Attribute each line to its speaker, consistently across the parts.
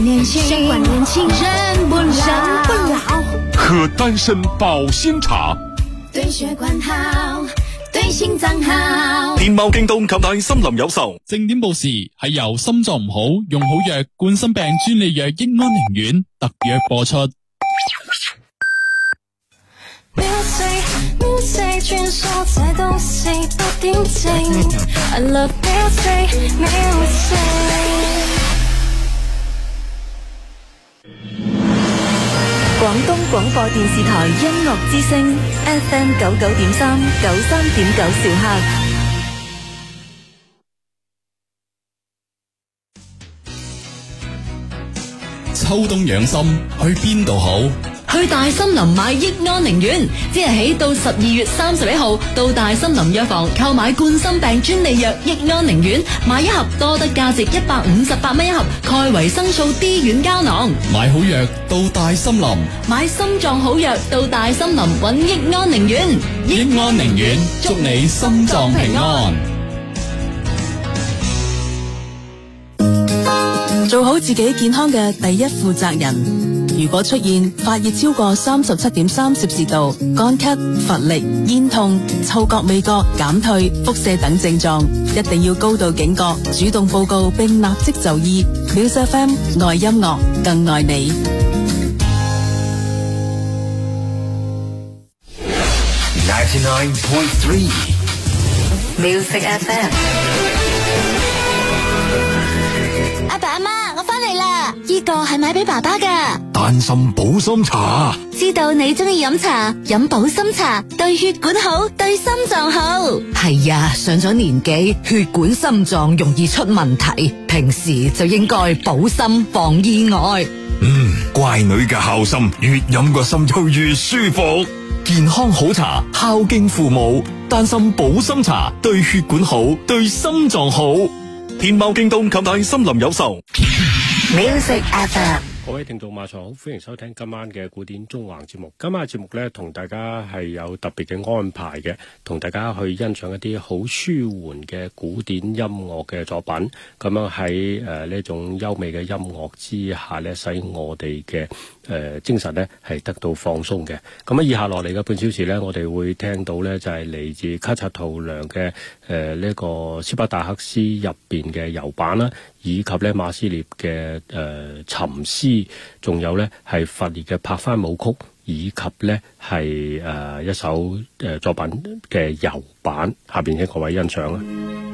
Speaker 1: 年輕，年輕
Speaker 2: 人不老？喝丹參保心茶，
Speaker 1: 對血管好，對心臟好。
Speaker 2: 天貓、京東、各大森林有售。正點報時，係由心臟唔好，用好藥，冠心病專利藥益安寧丸特約播出。秒針，秒針，穿梭
Speaker 1: 在都市的電車。
Speaker 3: I love music, music. 廣東廣播電視台音樂之聲 FM 九九點三九三點九兆赫，
Speaker 2: 秋冬養心去邊度好？
Speaker 3: 去大森林買益安寧丸，即日起到十二月三十一號，到大森林藥房購買冠心病專利藥益安寧丸，買一盒多得價值一百五十八蚊一盒鈣維生素 D 軟膠囊。
Speaker 2: 買好藥到大森林，
Speaker 3: 買心臟好藥到大森林，搵益安寧丸。益安寧丸，祝你心臟平安，做好自己健
Speaker 4: 康嘅第一負責人。如果出現發熱超過三十七點三攝氏度、乾咳、乏力、咽痛、嗅覺味覺減退、腹瀉等症狀，一定要高度警覺，主動報告並立即就醫。Music FM 愛音樂更愛你。
Speaker 2: Ninety nine point three
Speaker 4: Music
Speaker 3: FM。阿爸阿媽，我翻嚟啦！呢個係買俾爸爸㗎。
Speaker 2: 安心保心茶，
Speaker 3: 知道你中意飲茶，飲保心茶對血管好，對心臟好。係呀，上咗年紀，血管心臟容易出問題，平時就應該保心防
Speaker 2: 意外。嗯，乖女嘅孝心，越飲個心就越舒服。健康好茶，孝敬父母，丹心保心茶對血管好，對心臟好。天貓、京東、各大森林有售。
Speaker 5: Music FM。各位聽眾，晚上好，歡迎收聽今晚嘅古典縱橫節目。今晚嘅節目呢，同大家係有特別嘅安排嘅，同大家去欣賞一啲好舒緩嘅古典音樂嘅作品。咁樣喺誒呢種優美嘅音樂之下呢，使我哋嘅誒精神呢係得到放鬆嘅。咁啊，以下落嚟嘅半小時呢，我哋會聽到呢就係、是、嚟自卡察圖良嘅。誒、呃、呢、這個斯巴達克斯入邊嘅油版啦，以及咧馬斯涅嘅誒沉思，仲有咧係佛烈嘅帕凡舞曲，以及咧係誒一首誒、呃、作品嘅油版，下邊請各位欣賞啦。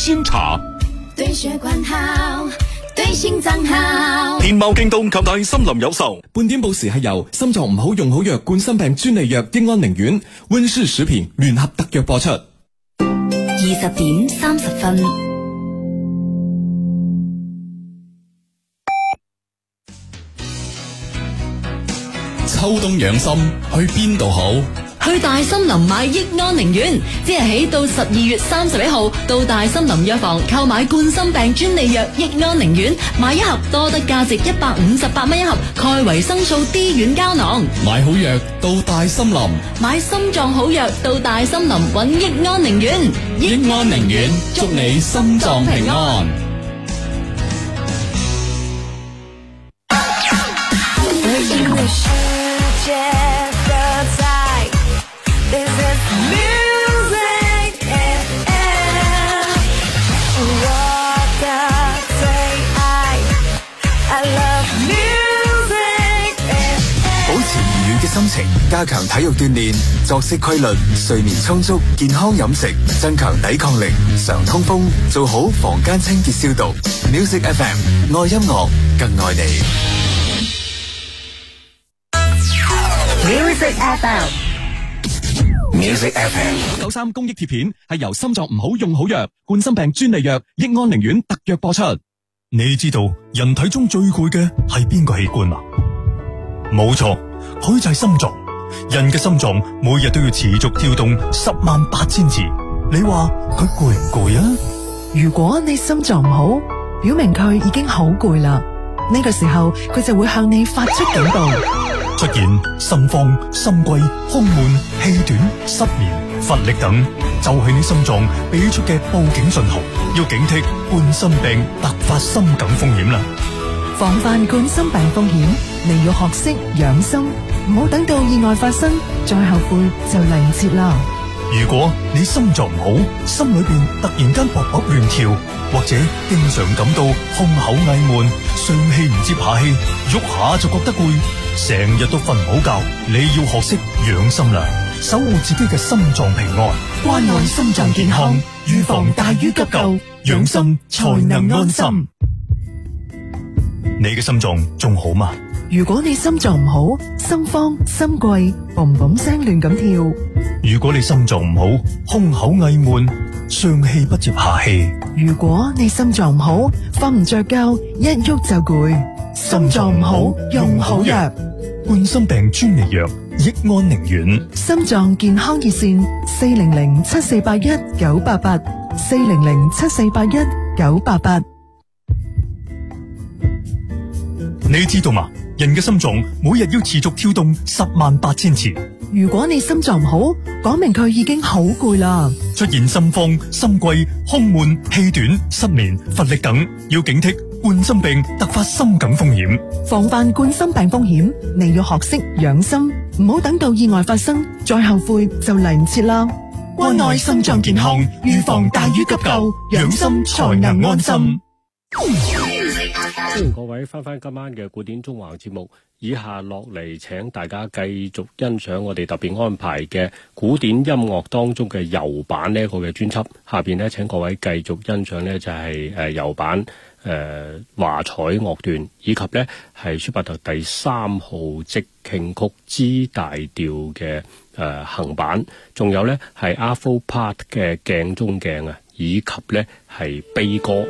Speaker 2: 先茶
Speaker 1: 對血管好，對心臟好。
Speaker 2: 天貓、京東及大森林有售。半點報時係由，心臟唔好用好藥，冠心病專利藥益安寧丸，溫舒薯片聯合特約播出。
Speaker 3: 二十點三十分，
Speaker 2: 秋冬養心去邊度好？
Speaker 3: 去大森林買益安寧丸，即日起到十二月三十一號到大森林藥房購買冠心病專利藥益安寧丸，買一盒多得價值一百五十八蚊一盒鈣維生素 D 軟膠囊。
Speaker 2: 買好藥到大森林，
Speaker 3: 買心臟好藥到大森林，搵益安寧丸，
Speaker 2: 益安寧丸祝你心臟平安。加強體育鍛煉，作息規律，睡眠充足，健康飲食，增強抵抗力，常通風，做好房間清潔消毒。
Speaker 4: Music
Speaker 2: Music FM, Music Music FM, Music FM, 人嘅心臟每日都要持續跳動十萬八千次，你話佢攰唔攰啊？
Speaker 6: 如果你心臟唔好，表明佢已經好攰啦。呢個時候佢
Speaker 2: 就會向你發出警告，出現心慌、心悸、胸悶、氣短、失眠、乏力等，就係你心臟俾出嘅報警信號，要警惕冠心病突發心梗風險啦。
Speaker 6: 防範冠心病風險，你要學識養心，唔好等到意外發生再後悔就嚟唔切啦。
Speaker 2: 如果你心臟唔好，心裏邊突然間搏搏亂跳，或者經常感到胸口翳悶、上氣唔接下氣，喐下就覺得攰，成日都瞓唔好覺，你要學識養心啦，守護自己嘅心臟平安，關愛心臟健康，預防大於急救，養心才能安心。你嘅心臟仲好嗎？
Speaker 6: 如果你心臟唔好，心慌心悸，嘣嘣聲亂咁跳；
Speaker 2: 如果你心臟唔好，胸口翳悶，上氣不接下氣；
Speaker 6: 如果你心臟唔好，瞓唔着覺，一喐就攰。心臟唔好用好藥，
Speaker 2: 冠心病專利藥益安寧丸。
Speaker 6: 心臟健康熱線：四零零七四八一九八八，四零零七四八一九八八。
Speaker 2: 你知道嘛？人嘅心臟每日要持續跳動十萬八千次。
Speaker 6: 如果你心臟唔好，講明佢已經好攰啦。
Speaker 2: 出現心慌、心悸、胸悶、氣短、失眠、乏力等，要警惕冠心病突發心梗風險。
Speaker 6: 防範冠心病風險，你要學識養心，唔好等到意外發生再後悔就嚟唔切啦。關愛心
Speaker 2: 臟健康，預防大於急救，養心才能安心。
Speaker 5: 歡迎各位翻翻今晚嘅古典縱橫節目，以下落嚟，請大家繼續欣賞我哋特別安排嘅古典音樂當中嘅柔版呢個嘅專輯。下邊呢，請各位繼續欣賞呢就係誒柔版誒華、呃、彩樂段，以及呢係舒伯特第三號即興曲 G 大調嘅誒行板，仲有呢係阿伏帕特嘅鏡中鏡啊，以及呢係悲歌。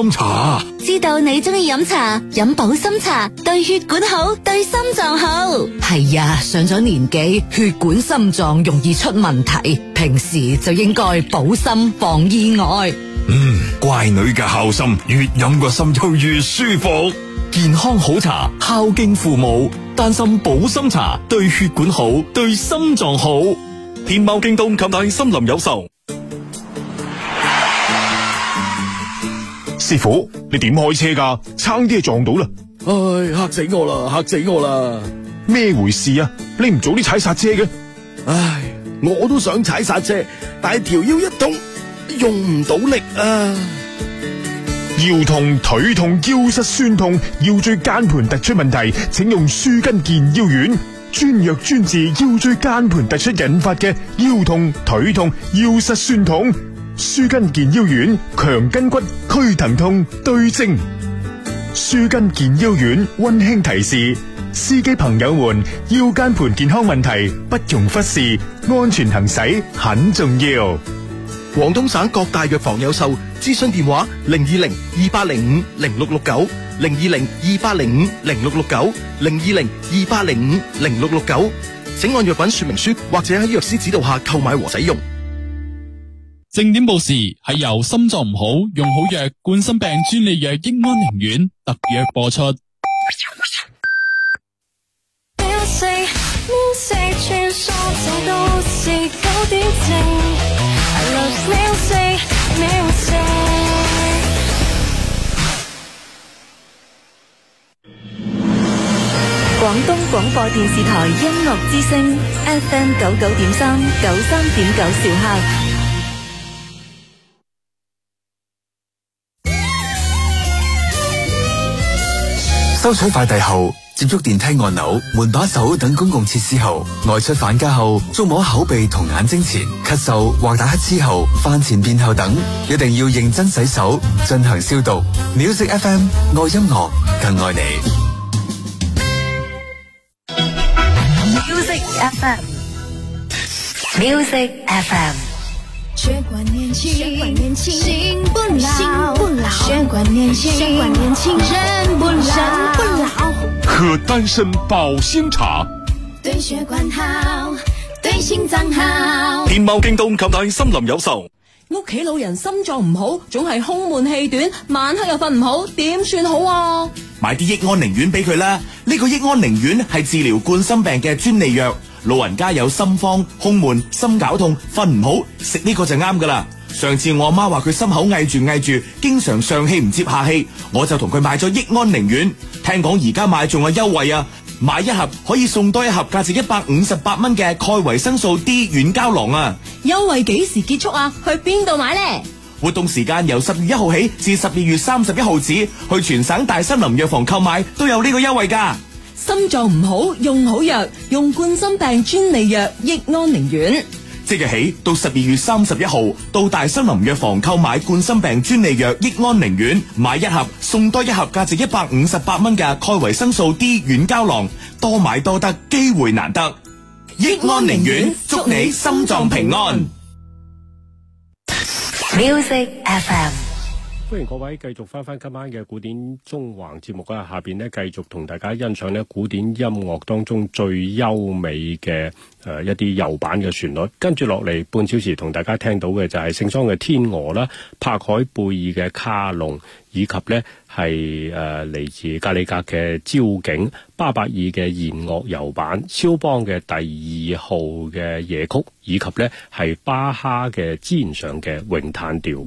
Speaker 2: 飲茶，
Speaker 3: 知道你中意飲茶，飲保心茶對血管好，對心臟好。係呀，上咗年紀，血管心臟容易出問題，平時就應該保心防意外。
Speaker 2: 嗯，乖女嘅孝心，越飲個心就越舒服。健康好茶，孝敬父母，丹心保心茶，對血管好，對心臟好。天貓、京東、及大參林有售。師傅，你點開車噶？差啲就撞到啦！唉、哎，嚇死我啦，嚇死我啦！咩回事啊？你唔早啲踩剎車嘅？唉、哎，我都想踩剎車，但係條腰一動，用唔到力啊！腰痛腿痛腰膝痠痛腰椎間盤突出問題，請用舒筋健腰丸，專藥專治腰椎間盤突出引發嘅腰痛腿痛腰膝痠痛。舒筋健腰丸，強筋骨，驅疼痛，對症。舒筋健腰丸，温馨提示：司機朋友們，腰間盤健康問題不容忽視，安全行駛很重要。廣東省各大藥房有售，諮詢電話：零二零二八零五零六六九，零二零二八零五零六六九，零二零二八零五零六六九。請按藥品說明書或者喺藥師指導下購買和使用。正點報時係由心臟唔好用好藥冠心病專利藥益安寧丸特約播出。
Speaker 3: 廣東廣播電視台音樂之聲 FM 九九點三九三點九兆赫。
Speaker 2: 收取快遞後，接觸電梯按鈕，門把手等公共設施後，外出返家後，觸摸口鼻和眼睛前，咳嗽或打乞嗤後，飯前便後等，一定要認真洗手，進行消毒。Music FM，愛音樂，更愛你。
Speaker 1: Music FM. Music FM. 血管年輕，心不老；血管年輕，
Speaker 2: 人不老。喝丹參保心茶，
Speaker 3: 對血管好，對心臟好。
Speaker 2: 天貓、京東及大森林有售。
Speaker 3: 屋企老人心臟唔好，總係胸悶氣短，晚黑又瞓唔好，點算好啊？
Speaker 2: 買啲益安寧丸俾佢啦，呢、這個益安寧丸係治療冠心病嘅專利藥。老人家有心慌、胸悶、心絞痛、瞓唔好，食呢個就啱噶啦。上次我媽話佢心口翳住翳住，經常上氣唔接下氣，我就同佢買咗益安寧丸。聽講而家買仲有優惠啊！買一盒可以送多一盒，價值一百五十八蚊嘅鈣維生素 D 軟膠囊啊！優惠幾時結束啊？去邊度買呢？活動時間由十月一號起至十二月三十一號止，去全省大森林藥房購買都有呢個優惠噶。心臟唔
Speaker 3: 好，用好藥，用冠心病專利藥益安寧丸。
Speaker 2: 即日起到十二月三十一號，到大森林藥房購買冠心病專利藥益安寧丸，買一盒送多一盒，價值一百五十八蚊嘅鈣維生素 D 軟膠囊，多買多得，機會難得。益安寧丸，祝你心臟平安。
Speaker 5: Music FM。歡迎各位繼續翻翻今晚嘅古典縱橫節目啦，下邊呢，繼續同大家欣賞呢古典音樂當中最優美嘅誒、呃、一啲柔板嘅旋律。跟住落嚟半小時同大家聽到嘅就係聖桑嘅天鵝啦、柏海貝爾嘅卡農，以及呢係誒嚟自格里格嘅朝景、巴伯爾嘅弦樂柔板、肖邦嘅第二號嘅夜曲，以及呢係巴哈嘅尖上嘅詠嘆調。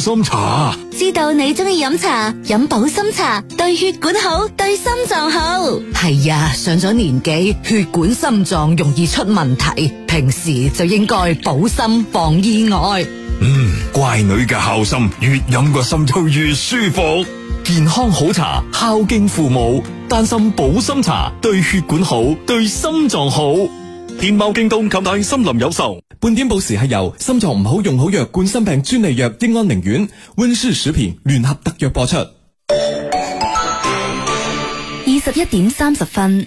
Speaker 2: 知道你喜歡喝茶喝保心茶，
Speaker 3: 知道你中意飲茶，飲保心茶對血管好，對心臟好。
Speaker 2: 係呀。啊，
Speaker 3: 上咗年紀，血管心臟容易出問題，平時就應該保心防意外。
Speaker 2: 嗯，乖女嘅孝心，越飲個心就越舒服，健康好茶孝敬父母，擔心保心茶對血管好，對心臟好。天貓、京東、購大森林有售，半點報時係由心臟唔好用好藥，冠心病專利藥益安寧丸，溫氏薯片聯合特約播出，二
Speaker 3: 十一點三十分。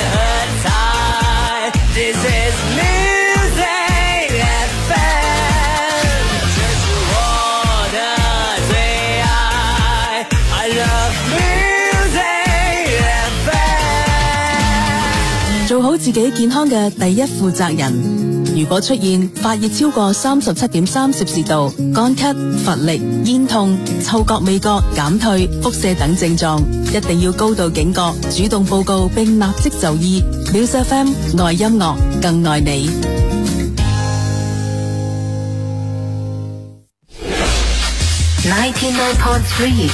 Speaker 4: 自己健康嘅第一負責人，如果出現發熱超過三十七點三攝氏度、乾咳、乏力、咽痛、嗅覺味覺減退、腹瀉等症狀，一定要高度警覺，主動報告並立即就醫。Music FM 愛音樂，更愛你。Ninety-nine
Speaker 2: point three.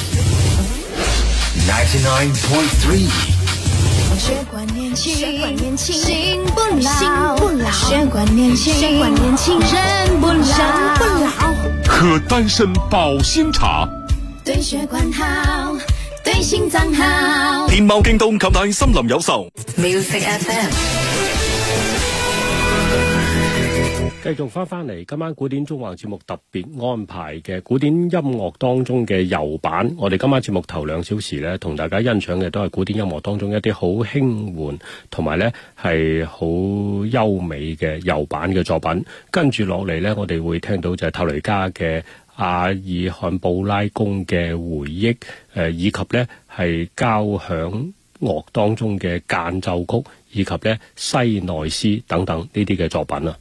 Speaker 2: Ninety-nine point three.
Speaker 1: 血管，管年輕，心不老；血管年輕，心不老，管年輕心不老，人不老。
Speaker 2: 喝丹參保心茶，
Speaker 1: 對血管好，對心臟好。
Speaker 5: 天貓、京東、各大森林有售。
Speaker 1: Music FM。
Speaker 5: 繼續翻翻嚟，今晚古典縱橫節目特別安排嘅古典音樂當中嘅柔板。我哋今晚節目頭兩小時呢，同大家欣賞嘅都係古典音樂當中一啲好輕緩同埋呢係好優美嘅柔板嘅作品。跟住落嚟呢，我哋會聽到就係泰雷加嘅《阿爾罕布拉宮嘅回憶》，呃，以及呢係交響樂當中嘅間奏曲，以及呢西奈斯等等呢啲嘅作品啊。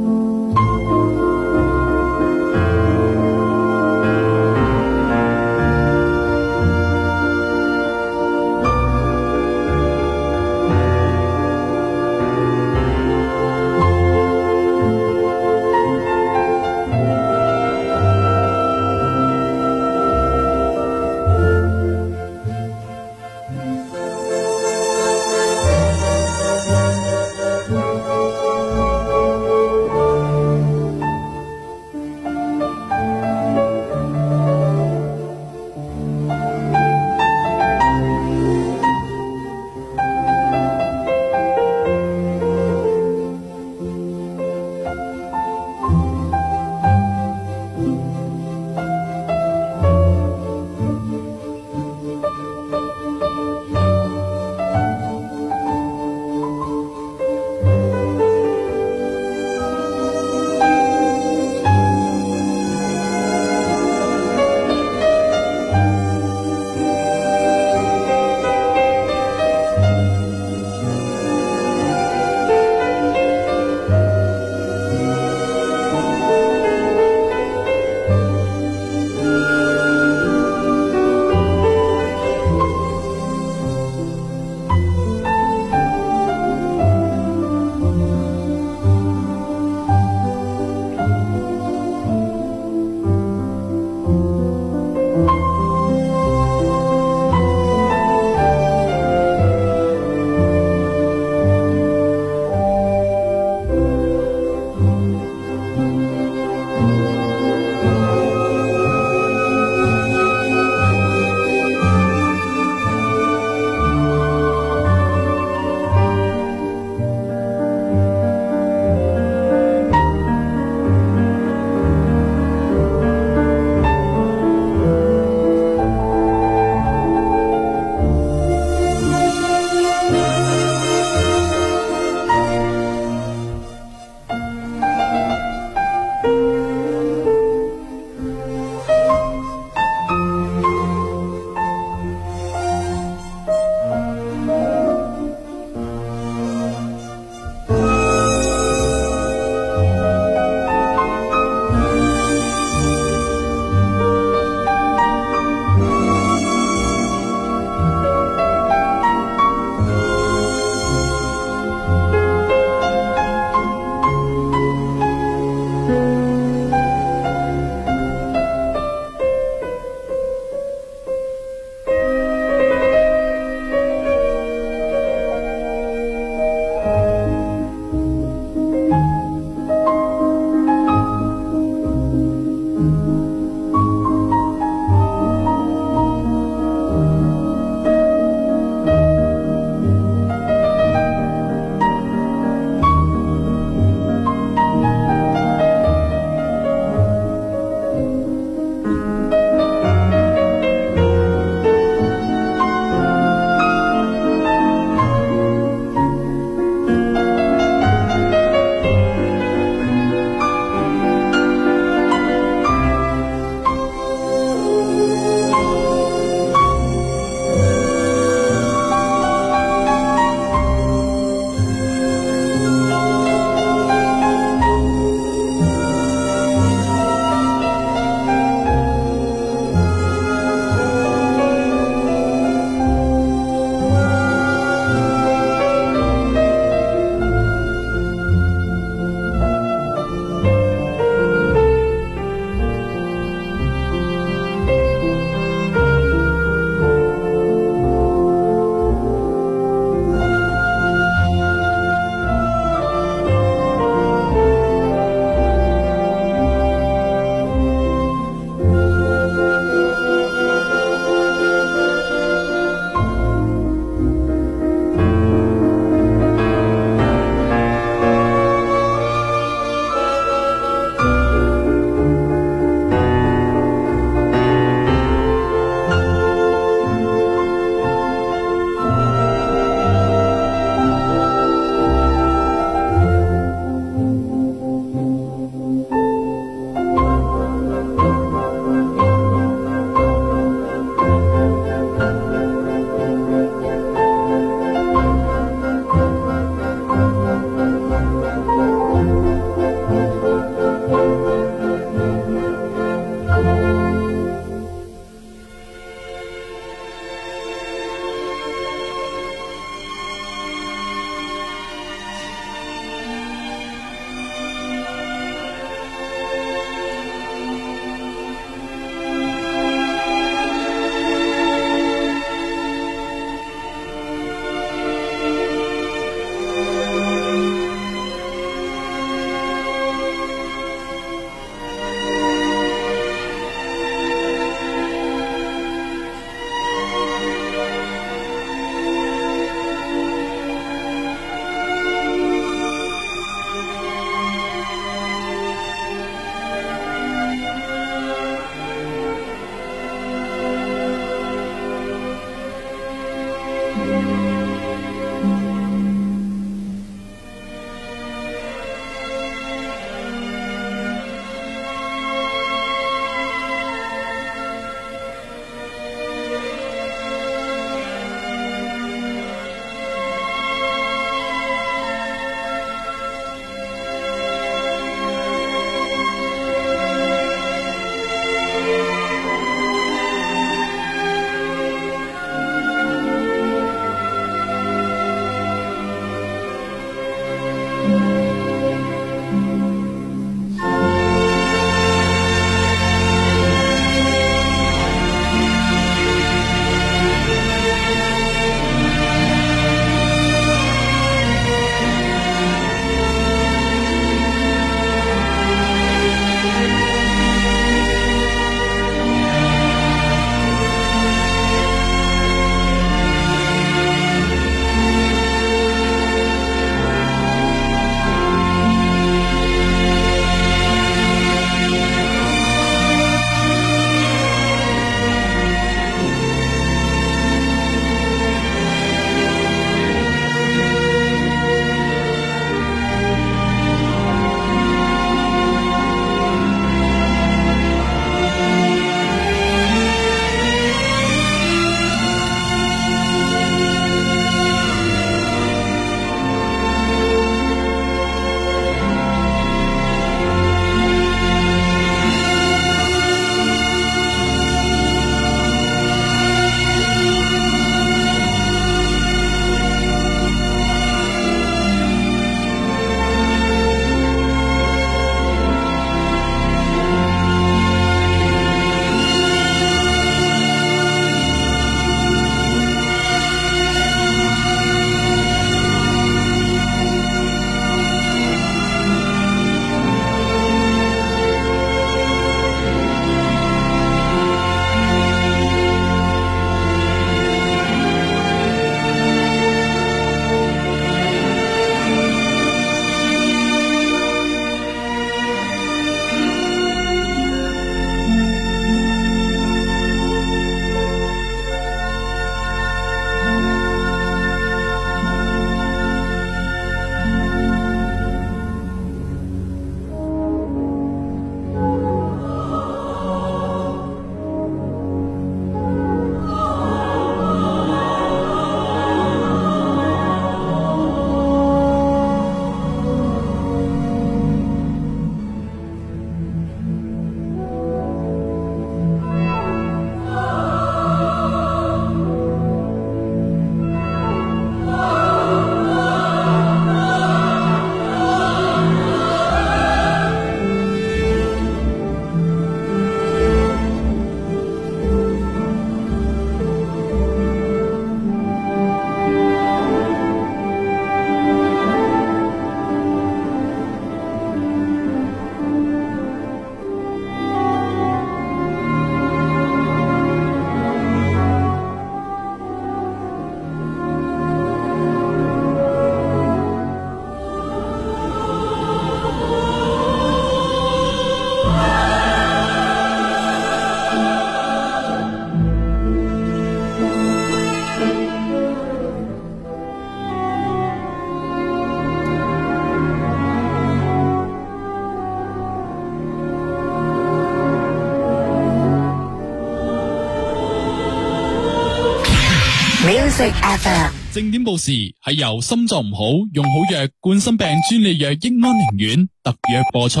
Speaker 2: 正點報時係由心臟唔好用好藥，冠心病專利藥益安寧丸特約播出。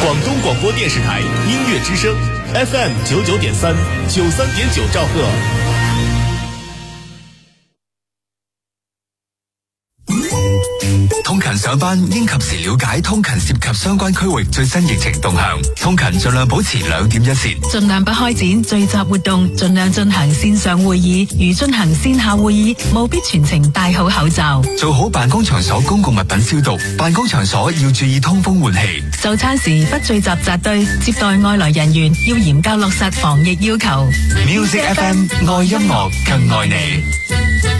Speaker 2: 廣東廣播電視台。之聲 FM 九九點三，九三點九兆赫。上班應及時了解通勤涉及相關區域最新疫情動向，通勤盡量保持兩點一線，
Speaker 4: 盡量不開展聚集活動，盡量進行線上會議。如進行線下會議，務必全程戴好口罩，
Speaker 2: 做好辦公場所公共物品消毒，辦公場所要注意通風換氣。
Speaker 4: 就餐時不聚集紮堆，接待外來人員要嚴格落實防疫要求。Music FM，愛
Speaker 2: 音樂更愛你。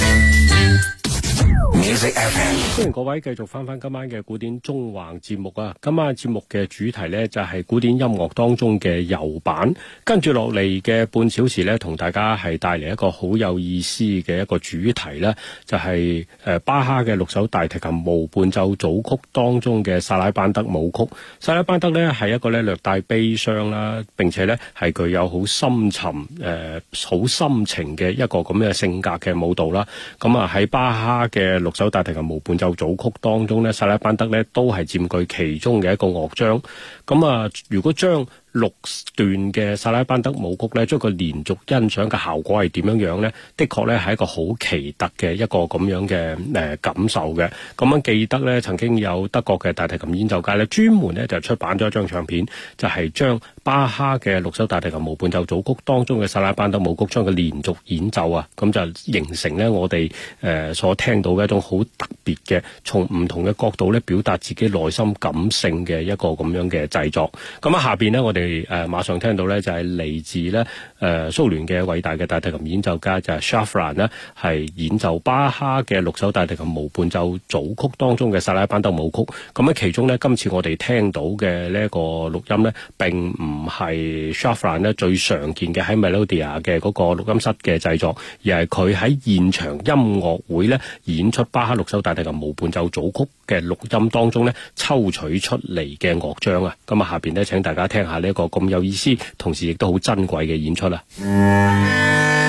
Speaker 5: 歡迎、啊、各位繼續翻翻今晚嘅古典縱橫節目啊！今晚節目嘅主題咧就係古典音樂當中嘅柔板，跟住落嚟嘅半小時咧，同大家係帶嚟一個好有意思嘅一個主題啦，就係誒巴哈嘅六首大提琴無伴奏組曲當中嘅薩拉班德舞曲。薩拉班德咧係一個咧略帶悲傷啦，並且咧係具有好深沉誒好、呃、深情嘅一個咁嘅性格嘅舞蹈啦。咁啊喺巴哈嘅首大提琴無伴奏組曲當中咧，薩拉班德咧都係佔據其中嘅一個樂章。咁啊，如果將六段嘅薩拉班德舞曲咧，將個連續欣賞嘅效果係點樣樣咧？的確咧係一個好奇特嘅一個咁樣嘅誒、呃、感受嘅。咁樣記得咧，曾經有德國嘅大提琴演奏家咧，專門咧就出版咗一張唱片，就係、是、將巴哈嘅六首大提琴無伴奏組曲當中嘅薩拉班德舞曲將個連續演奏啊，咁就形成咧我哋誒、呃、所聽到嘅一種好特別嘅，從唔同嘅角度咧表達自己內心感性嘅一個咁樣嘅製作。咁啊下邊咧我哋。係、呃、誒，馬上聽到咧，就係、是、嚟自咧誒蘇聯嘅偉大嘅大提琴演奏家就係、是、Shafran 咧，係演奏巴哈嘅六首大提琴無伴奏組曲當中嘅薩拉班德舞曲。咁、嗯、咧其中咧，今次我哋聽到嘅呢一個錄音咧，並唔係 Shafran 咧最常見嘅喺 Melodia 嘅個錄音室嘅製作，而係佢喺現場音樂會咧演出巴哈六首大提琴無伴奏組曲嘅錄音當中咧抽取出嚟嘅樂章啊！咁、嗯、啊，下邊咧請大家聽下咧。一個咁有意思，同時亦都好珍貴嘅演出啦。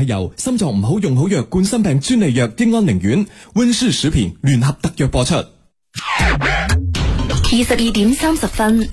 Speaker 2: 係由心臟唔好用好藥，冠心病專利藥益安寧丸、溫舒薯片聯合特約播出，二
Speaker 3: 十二點
Speaker 1: 三
Speaker 7: 十分。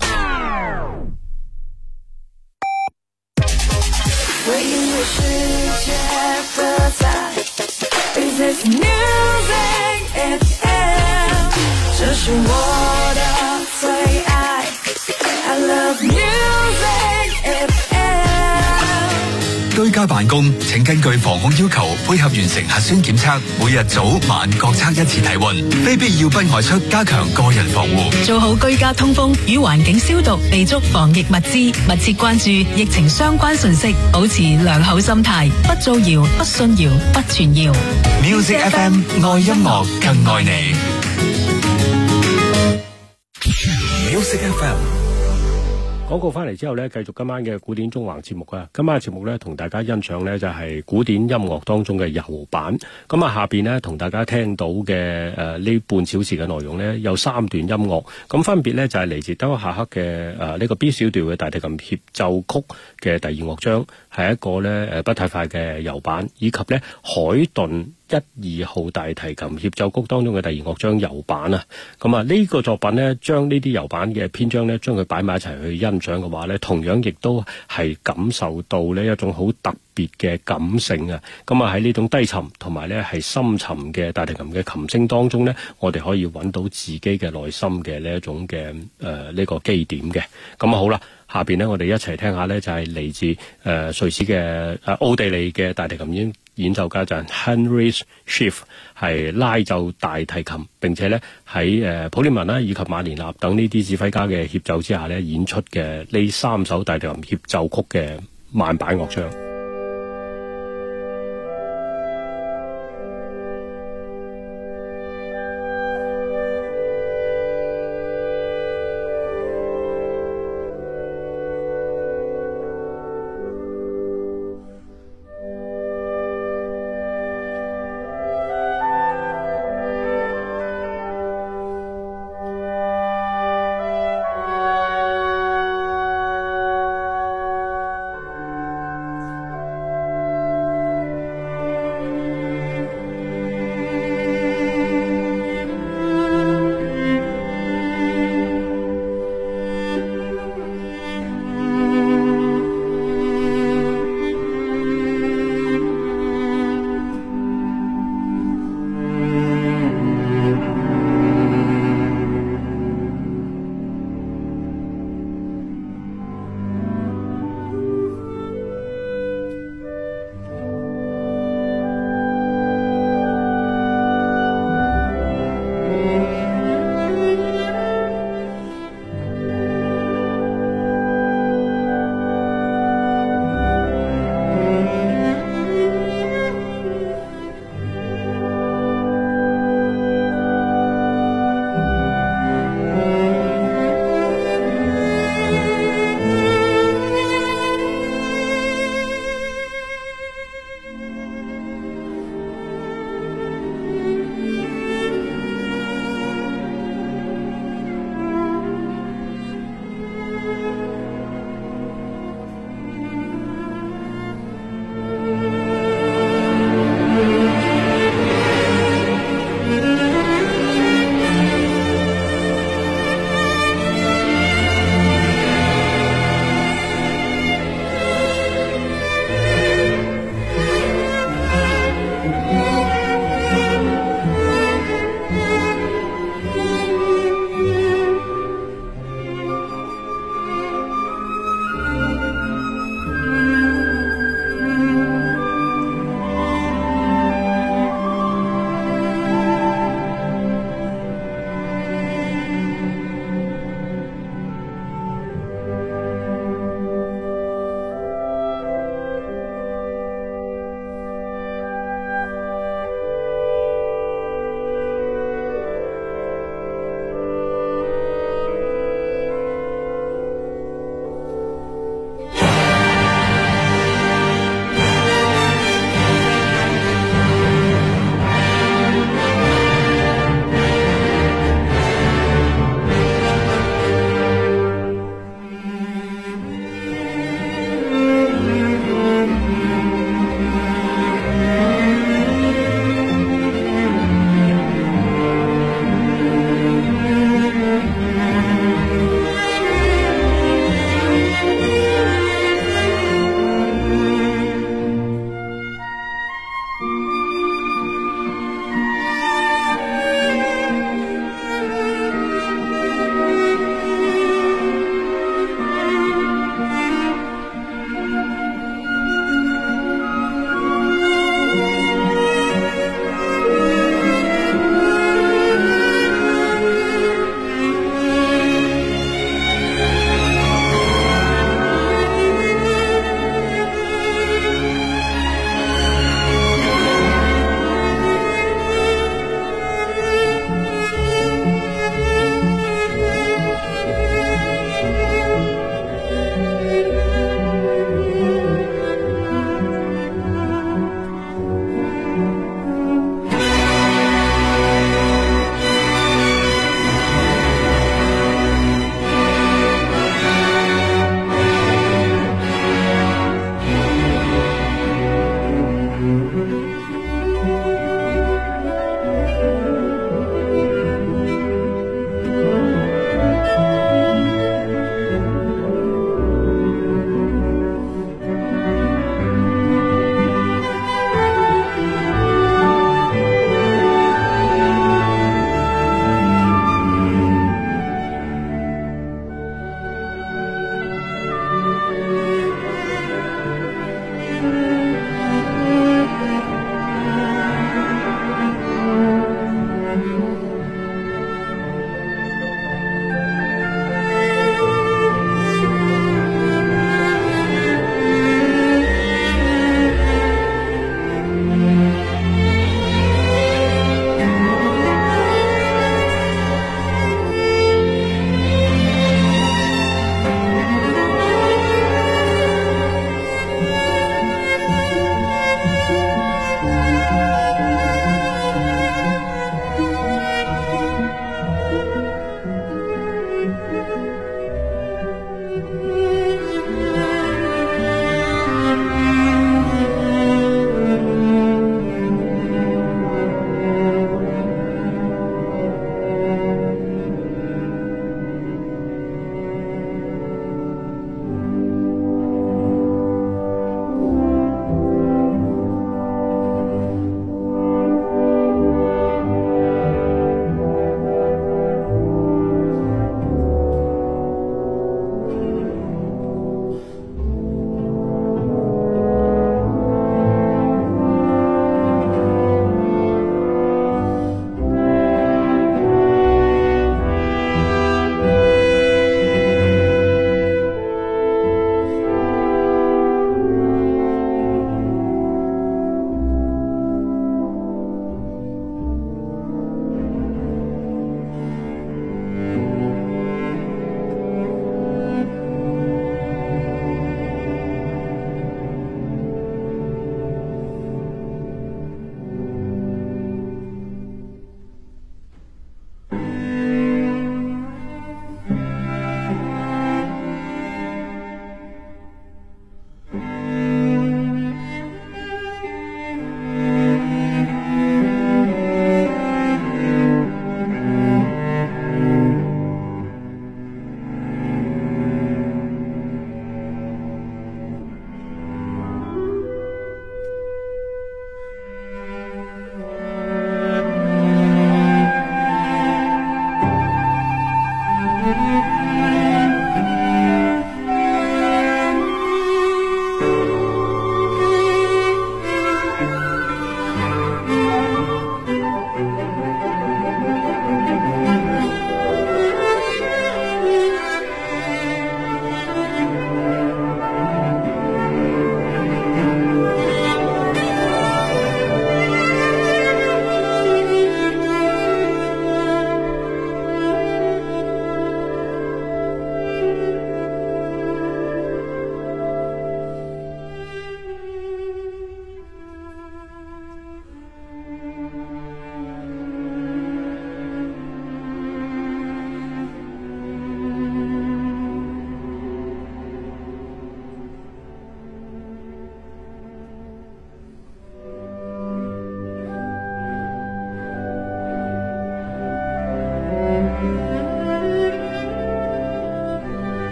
Speaker 2: 辦公，請根據防控要求配合完成核酸檢測，每日早晚各測一次體温，非必要不外出，加強個人防護，
Speaker 4: 做好居家通風與環境消毒，備足防疫物資，密切關注疫情相關信息，保持良好心態，不造謠、不信謠、不傳謠。
Speaker 2: Music FM 愛音樂更愛你。Music FM。
Speaker 5: 廣告翻嚟之後咧，繼續今晚嘅古典縱橫節目啊！今晚嘅節目咧，同大家欣賞咧就係古典音樂當中嘅柔板。咁啊，下邊咧同大家聽到嘅誒呢半小時嘅內容咧，有三段音樂，咁分別咧就係、是、嚟自德克夏克嘅誒呢個 B 小調嘅大提琴協奏曲嘅第二樂章，係一個咧誒、呃、不太快嘅柔板，以及咧海頓。一二號大提琴協奏曲當中嘅第二樂章柔板啊，咁啊呢個作品呢，將呢啲柔板嘅篇章呢，將佢擺埋一齊去欣賞嘅話呢，同樣亦都係感受到呢一種好特別嘅感性啊！咁啊喺呢種低沉同埋呢係深沉嘅大提琴嘅琴聲當中呢，我哋可以揾到自己嘅內心嘅呢一種嘅誒呢個基點嘅。咁啊好啦，下邊呢，我哋一齊聽下呢，就係嚟自誒瑞士嘅誒奧地利嘅大提琴演奏家就係 Henry Schiff 係拉奏大提琴，並且咧喺誒普列文啦，以及馬連立等呢啲指揮家嘅協奏之下咧演出嘅呢三首大提琴協奏曲嘅慢板樂章。